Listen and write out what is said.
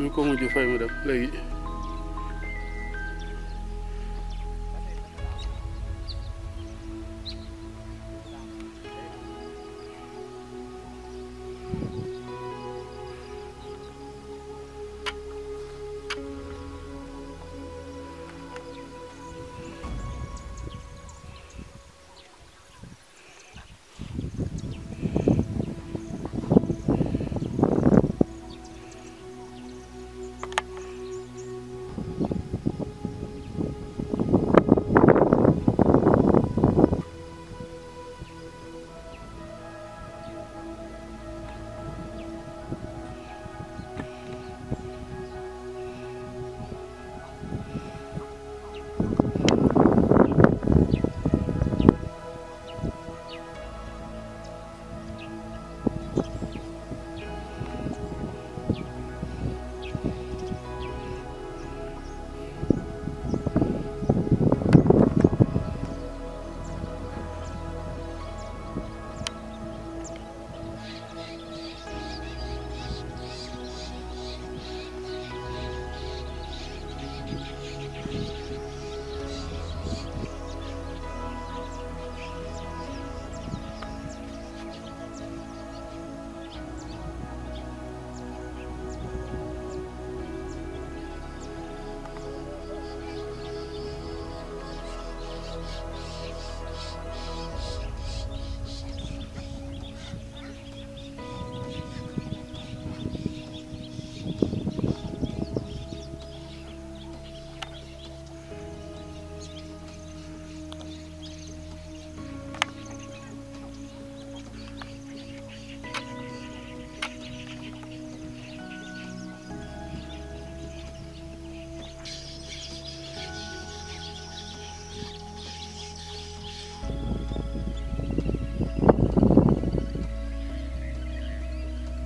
ñu ko mujj fay mu dem léegi